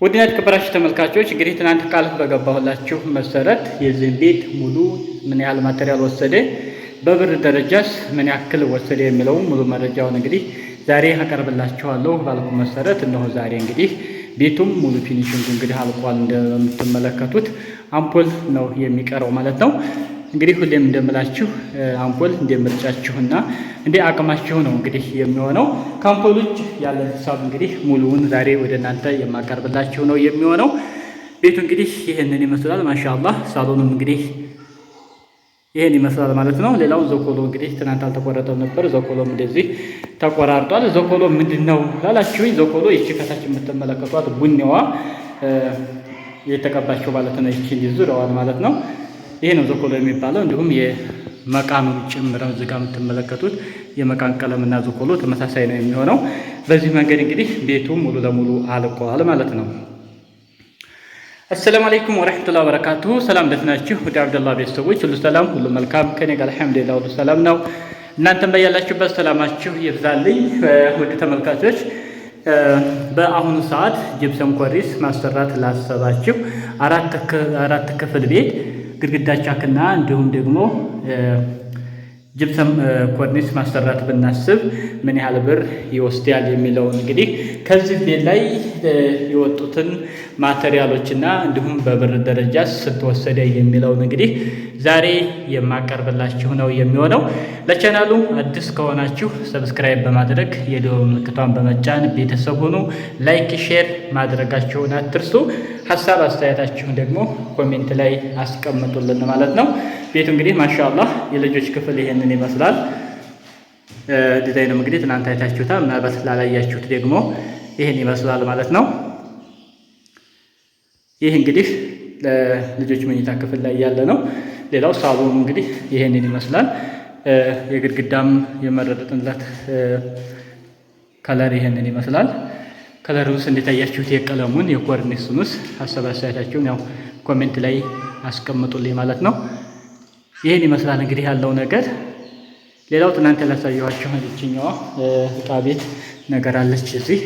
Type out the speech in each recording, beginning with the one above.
ውድና የተከበራችሁ ተመልካቾች እንግዲህ ትናንት ቃል በገባሁላችሁ መሰረት የዚህን ቤት ሙሉ ምን ያህል ማቴሪያል ወሰደ፣ በብር ደረጃስ ምን ያክል ወሰደ የሚለው ሙሉ መረጃውን እንግዲህ ዛሬ አቀርብላችኋለሁ ባልኩ መሰረት እነሆ ዛሬ እንግዲህ ቤቱም ሙሉ ፊኒሽንጉ እንግዲህ አልቋል። እንደምትመለከቱት አምፖል ነው የሚቀረው ማለት ነው። እንግዲህ ሁሌም እንደምላችሁ አምፖል እንደምርጫችሁና እንደ አቅማችሁ ነው እንግዲህ የሚሆነው። ከአምፖል ውጭ ያለ ሂሳብ እንግዲህ ሙሉውን ዛሬ ወደ እናንተ የማቀርብላችሁ ነው የሚሆነው። ቤቱ እንግዲህ ይህንን ይመስላል። ማሻላ ሳሎኑም እንግዲህ ይህን ይመስላል ማለት ነው። ሌላው ዘኮሎ እንግዲህ ትናንት አልተቆረጠም ነበር። ዘኮሎም እንደዚህ ተቆራርጧል። ዘኮሎ ምንድን ነው ላላችሁኝ፣ ዘኮሎ ይቺ ከታች የምትመለከቷት ቡኒዋ የተቀባቸው ማለት ነው። ይቺ ዙሪያዋን ማለት ነው ይሄ ነው ዘኮሎ የሚባለው። እንዲሁም የመቃኑ ጭምረው እዚህ ጋር የምትመለከቱት የመቃን ቀለምና ዞኮሎ ተመሳሳይ ነው የሚሆነው። በዚህ መንገድ እንግዲህ ቤቱ ሙሉ ለሙሉ አልቀዋል ማለት ነው። አሰላሙ አለይኩም ወረሕመቱላሂ ወበረካቱሁ። ሰላም ደህና ናችሁ? ወደ አብደላ ቤተሰቦች ሁሉ ሰላም፣ ሁሉ መልካም ከኔ ጋር አልሐምዱሊላህ ሁሉ ሰላም ነው። እናንተም በያላችሁበት ሰላማችሁ ይብዛልኝ። ውድ ተመልካቾች በአሁኑ ሰዓት ጅብሰም ኮሪስ ማሰራት ላሰባችሁ አራት ክፍል ቤት ግድግዳ ቻክና እንዲሁም ደግሞ ጅብሰም ኮርኒስ ማሰራት ብናስብ ምን ያህል ብር ይወስዳል የሚለውን እንግዲህ ከዚህ ቤት ላይ የወጡትን ማቴሪያሎችና እንዲሁም በብር ደረጃ ስትወሰደ የሚለውን እንግዲህ ዛሬ የማቀርብላችሁ ነው የሚሆነው። ለቻናሉ አዲስ ከሆናችሁ ሰብስክራይብ በማድረግ የደወል ምልክቷን በመጫን ቤተሰብ ሁኑ። ላይክ፣ ሼር ማድረጋችሁን አትርሱ። ሀሳብ አስተያየታችሁን ደግሞ ኮሜንት ላይ አስቀምጡልን ማለት ነው። ቤቱ እንግዲህ ማሻአላህ የልጆች ክፍል ይሄንን ይመስላል። ዲዛይኑም እንግዲህ ትናንት አይታችሁታል። ምናልባት ላላያችሁት ደግሞ ይህን ይመስላል ማለት ነው። ይህ እንግዲህ ለልጆች መኝታ ክፍል ላይ ያለ ነው። ሌላው ሳሎኑ እንግዲህ ይሄንን ይመስላል። የግድግዳም የመረጥንለት ከለር ይሄንን ይመስላል። ከለሩንስ እንደታያችሁት የቀለሙን የኮርኒሱንስ ሀሳብ አስተያየታችሁን ያው ኮሜንት ላይ አስቀምጡልኝ ማለት ነው። ይህን ይመስላል እንግዲህ ያለው ነገር። ሌላው ትናንት ያላሳየኋችሁ ይችኛዋ እቃ ቤት ነገር አለች እዚህ።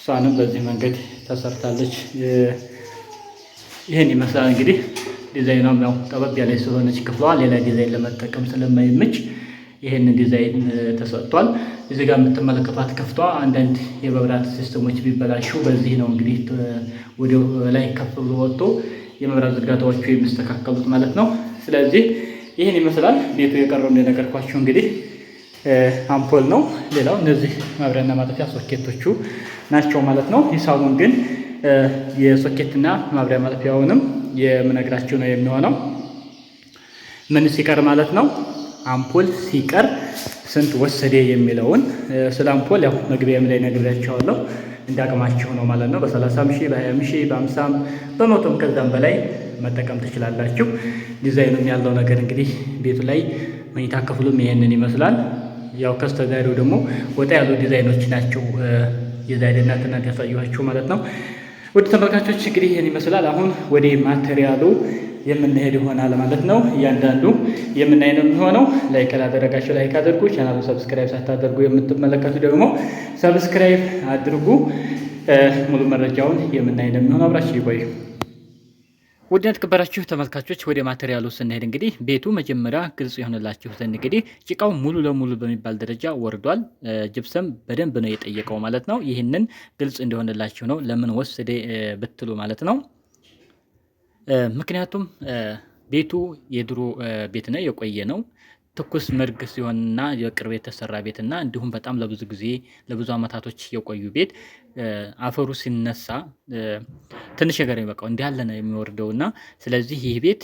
እሷንም በዚህ መንገድ ተሰርታለች። ይህን ይመስላል እንግዲህ ዲዛይኗም ያው ጠበብ ያለች ስለሆነች ክፍሏ ሌላ ዲዛይን ለመጠቀም ስለማይመች ይህንን ዲዛይን ተሰጥቷል። እዚህ ጋር የምትመለከቷት ክፍቷ አንዳንድ የመብራት ሲስተሞች ቢበላሹ በዚህ ነው እንግዲህ ወደ ላይ ከፍ ብሎ ወጥቶ የመብራት ዝርጋታዎቹ የሚስተካከሉት ማለት ነው። ስለዚህ ይህን ይመስላል ቤቱ። የቀረው እንደነገርኳችሁ እንግዲህ አምፖል ነው። ሌላው እነዚህ መብሪያና ማጠፊያ ሶኬቶቹ ናቸው ማለት ነው። ሂሳቡን ግን የሶኬትና ማብሪያ ማጥፊያውንም የምነግራችሁ ነው የሚሆነው። ምን ሲቀር ማለት ነው አምፖል ሲቀር ስንት ወሰደ የሚለውን ስለ አምፖል ያው መግቢያም ላይ ነግሬያቸዋለሁ። እንዳቅማችሁ ነው ማለት ነው። በ30 ሺህ በ20 ሺህ በ በመቶም ከዛም በላይ መጠቀም ትችላላችሁ። ዲዛይኑም ያለው ነገር እንግዲህ ቤቱ ላይ መኝታ ክፍሉም ይሄንን ይመስላል። ያው ከስተዛሬው ደግሞ ወጣ ያሉ ዲዛይኖች ናቸው የዛሬና ትናንት ያሳየኋችሁ ማለት ነው። ውድ ተመልካቾች እንግዲህ ይህን ይመስላል። አሁን ወደ ማቴሪያሉ የምንሄድ ይሆናል ማለት ነው። እያንዳንዱ የምናይ ነው የሚሆነው። ላይክ ላደረጋችሁ ላይክ አድርጉ። ቻናሉ ሰብስክራይብ ሳታደርጉ የምትመለከቱ ደግሞ ሰብስክራይብ አድርጉ። ሙሉ መረጃውን የምናይ ነው የሚሆነው። አብራችሁ ይቆዩ። ውድነት የተከበራችሁ ተመልካቾች ወደ ማቴሪያሉ ስንሄድ እንግዲህ ቤቱ መጀመሪያ ግልጽ የሆነላችሁ ዘንድ እንግዲህ ጭቃው ሙሉ ለሙሉ በሚባል ደረጃ ወርዷል። ጅብሰም በደንብ ነው የጠየቀው ማለት ነው። ይህንን ግልጽ እንደሆነላችሁ ነው ለምን ወሰደ ብትሉ ማለት ነው። ምክንያቱም ቤቱ የድሮ ቤት ነው፣ የቆየ ነው። ትኩስ መርግ ሲሆንና የቅርብ የተሰራ ቤትና እንዲሁም በጣም ለብዙ ጊዜ ለብዙ አመታቶች የቆዩ ቤት አፈሩ ሲነሳ ትንሽ ነገር የሚበቃው እንዲህ ያለ ነው የሚወርደው እና ስለዚህ ይህ ቤት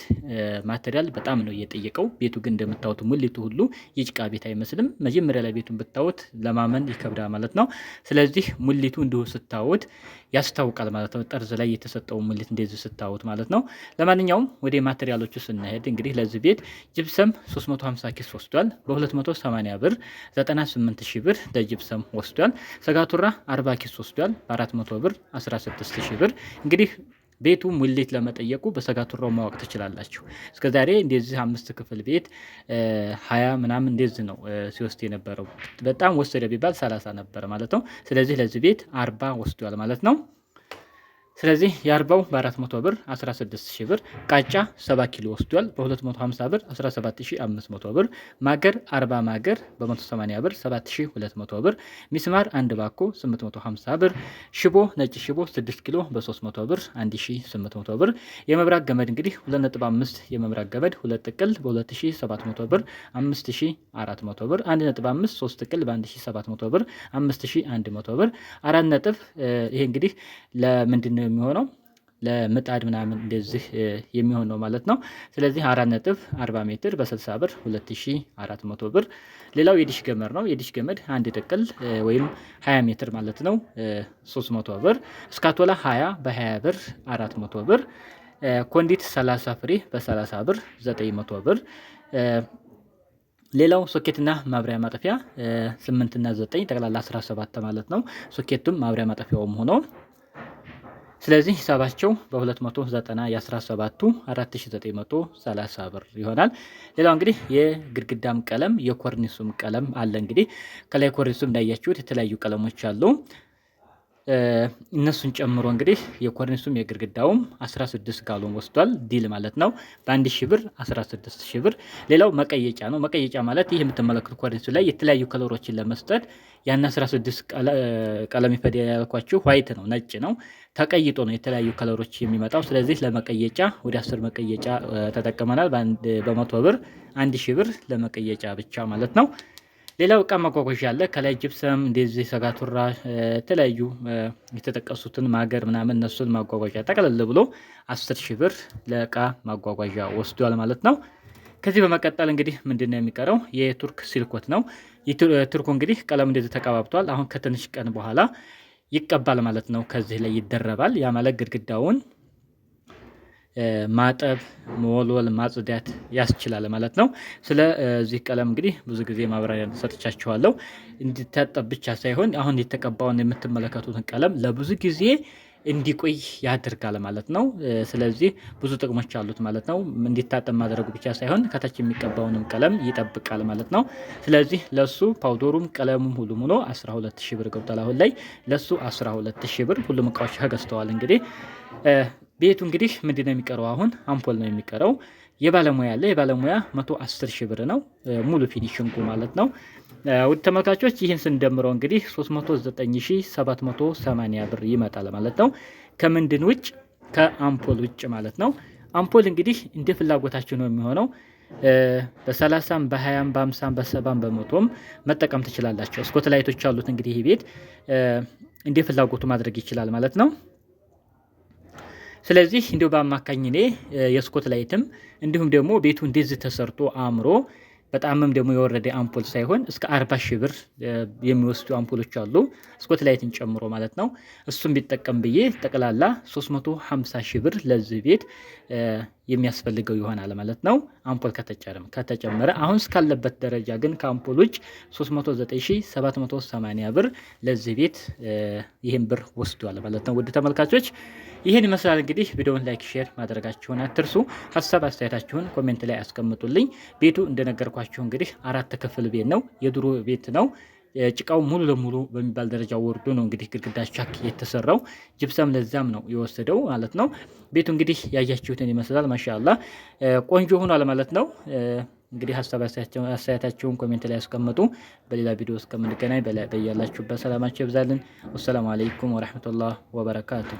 ማቴሪያል በጣም ነው እየጠየቀው። ቤቱ ግን እንደምታወት ሙሊቱ ሁሉ የጭቃ ቤት አይመስልም። መጀመሪያ ላይ ቤቱን ብታወት ለማመን ይከብዳል ማለት ነው። ስለዚህ ሙሊቱ እንዲሁ ስታዩት ያስታውቃል ማለት ነው። ጠርዝ ላይ የተሰጠው ሙሊት እንደዚህ ስታዩት ማለት ነው። ለማንኛውም ወደ ማቴሪያሎቹ ስናሄድ እንግዲህ ለዚህ ቤት ጅብሰም 350 ኪስ ወስዷል። በ280 ብር 98 ሺ ብር ለጅብሰም ወስዷል። ሰጋቱራ 40 ኪስ ወስዷል። ይችላል። በ400 ብር 16000 ብር እንግዲህ ቤቱ ሙሌት ለመጠየቁ በሰጋቱራው ማወቅ ትችላላችሁ። እስከ ዛሬ እንደዚህ አምስት ክፍል ቤት ሀያ ምናምን እንደዚህ ነው ሲወስድ የነበረው። በጣም ወሰደ ቢባል ሰላሳ ነበረ ማለት ነው። ስለዚህ ለዚህ ቤት አርባ ወስዷል ማለት ነው። ስለዚህ የአርባው በአራት መቶ ብር 16 ብር፣ ቃጫ 7 ኪሎ ወስዷል በ250 ብር 17500 ብር፣ ማገር 40 ማገር በ180 ብር 7200 ብር፣ ሚስማር አንድ ባኮ 850 ብር፣ ሽቦ ነጭ ሽቦ 6 ኪሎ በ300 ብር 1800 ብር፣ የመብራት ገመድ እንግዲህ 2.5 የመብራት ገመድ 2 ጥቅል በ2700 ብር 5400 ብር፣ 1.5 3 ጥቅል በ1700 ብር 5100 ብር፣ አራት ነጥብ ይሄ እንግዲህ ነው ነው የሚሆነው ለምጣድ ምናምን እንደዚህ የሚሆን ነው ማለት ነው። ስለዚህ አራት ነጥብ አርባ ሜትር በስልሳ ብር ሁለት ሺ አራት መቶ ብር። ሌላው የዲሽ ገመድ ነው። የዲሽ ገመድ አንድ ጥቅል ወይም ሀያ ሜትር ማለት ነው ሶስት መቶ ብር። እስካቶላ ሀያ በሀያ ብር አራት መቶ ብር። ኮንዲት ሰላሳ ፍሬ በሰላሳ ብር ዘጠኝ መቶ ብር። ሌላው ሶኬትና ማብሪያ ማጠፊያ ስምንትና ዘጠኝ ጠቅላላ አስራ ሰባት ማለት ነው። ሶኬቱም ማብሪያ ማጠፊያውም ሆኖ ስለዚህ ሂሳባቸው በ290 የ17ቱ 4930 ብር ይሆናል። ሌላው እንግዲህ የግድግዳም ቀለም የኮርኒሱም ቀለም አለ። እንግዲህ ከላይ ኮርኒሱም እንዳያችሁት የተለያዩ ቀለሞች አሉ። እነሱን ጨምሮ እንግዲህ የኮርኒሱም የግድግዳውም 16 ጋሎን ወስዷል። ዲል ማለት ነው። በአንድ ሺ ብር 16 ሺ ብር። ሌላው መቀየጫ ነው። መቀየጫ ማለት ይህ የምትመለከቱ ኮርኒሱ ላይ የተለያዩ ከለሮችን ለመስጠት ያን 16 ቀለም ይፈድ ያልኳችሁ ዋይት ነው፣ ነጭ ነው። ተቀይጦ ነው የተለያዩ ከለሮች የሚመጣው። ስለዚህ ለመቀየጫ ወደ 10 መቀየጫ ተጠቅመናል። በመቶ ብር አንድ ሺ ብር ለመቀየጫ ብቻ ማለት ነው። ሌላው እቃ ማጓጓዣ አለ። ከላይ ጅብሰም እንደዚህ ሰጋቱራ የተለያዩ የተጠቀሱትን ማገር ምናምን እነሱን ማጓጓዣ ጠቅለል ብሎ አስር ሺህ ብር ለእቃ ማጓጓዣ ወስዷል ማለት ነው። ከዚህ በመቀጠል እንግዲህ ምንድን ነው የሚቀረው? የቱርክ ሲልኮት ነው። ቱርኩ እንግዲህ ቀለም እንደዚህ ተቀባብቷል። አሁን ከትንሽ ቀን በኋላ ይቀባል ማለት ነው። ከዚህ ላይ ይደረባል። ያ ማለት ግድግዳውን ማጠብ፣ መወልወል፣ ማጽዳት ያስችላል ማለት ነው። ስለዚህ ቀለም እንግዲህ ብዙ ጊዜ ማብራሪያ ሰጥቻችኋለሁ። እንዲታጠብ ብቻ ሳይሆን አሁን የተቀባውን የምትመለከቱትን ቀለም ለብዙ ጊዜ እንዲቆይ ያደርጋል ማለት ነው። ስለዚህ ብዙ ጥቅሞች አሉት ማለት ነው። እንዲታጠብ ማድረጉ ብቻ ሳይሆን ከታች የሚቀባውንም ቀለም ይጠብቃል ማለት ነው። ስለዚህ ለሱ ፓውደሩም ቀለሙም ሁሉም ሆኖ 12 ሺ ብር ገብቷል። አሁን ላይ ለሱ 12 ሺ ብር ሁሉም እቃዎች ተገዝተዋል እንግዲህ ቤቱ እንግዲህ ምንድነው የሚቀረው? አሁን አምፖል ነው የሚቀረው። የባለሙያ አለ። የባለሙያ 110 ሺህ ብር ነው ሙሉ ፊኒሽንጉ ማለት ነው። ውድ ተመልካቾች ይህን ስንደምረው እንግዲህ 39780 ብር ይመጣል ማለት ነው። ከምንድን ውጭ ከአምፖል ውጭ ማለት ነው። አምፖል እንግዲህ እንደ ፍላጎታችሁ ነው የሚሆነው። በ30ም በ 50 በ 70 በመቶም መጠቀም ትችላላቸው። እስኮት ላይቶች አሉት እንግዲህ ይህ ቤት እንደ ፍላጎቱ ማድረግ ይችላል ማለት ነው። ስለዚህ እንዲሁ በአማካኝ እኔ የስኮት ላይትም እንዲሁም ደግሞ ቤቱ እንደዚህ ተሰርቶ አምሮ በጣምም ደግሞ የወረደ አምፖል ሳይሆን እስከ አርባ ሺህ ብር የሚወስዱ አምፖሎች አሉ ስኮት ላይትን ጨምሮ ማለት ነው። እሱም ቢጠቀም ብዬ ጠቅላላ 350 ሺህ ብር ለዚህ ቤት የሚያስፈልገው ይሆናል ማለት ነው። አምፖል ከተጨረም ከተጨመረ አሁን እስካለበት ደረጃ ግን ከአምፖል ውጭ 39780 ብር ለዚህ ቤት ይህን ብር ወስዷል ማለት ነው። ውድ ተመልካቾች ይህን ይመስላል እንግዲህ። ቪዲዮውን ላይክ፣ ሼር ማድረጋችሁን አትርሱ። ሀሳብ አስተያየታችሁን ኮሜንት ላይ አስቀምጡልኝ። ቤቱ እንደነገርኳችሁ እንግዲህ አራት ክፍል ቤት ነው። የድሮ ቤት ነው። ጭቃው ሙሉ ለሙሉ በሚባል ደረጃ ወርዶ ነው እንግዲህ ግድግዳ ቻክ የተሰራው። ጅብሰም ለዛም ነው የወሰደው ማለት ነው። ቤቱ እንግዲህ ያያችሁትን ይመስላል። ማሻላ ቆንጆ ሆኗል ማለት ነው። እንግዲህ ሀሳብ አስተያየታቸውን ኮሜንት ላይ ያስቀምጡ። በሌላ ቪዲዮ እስከምንገናኝ በያላችሁበት ሰላማቸው ይብዛልን። ወሰላሙ አለይኩም ወረህመቱላህ ወበረካቱ።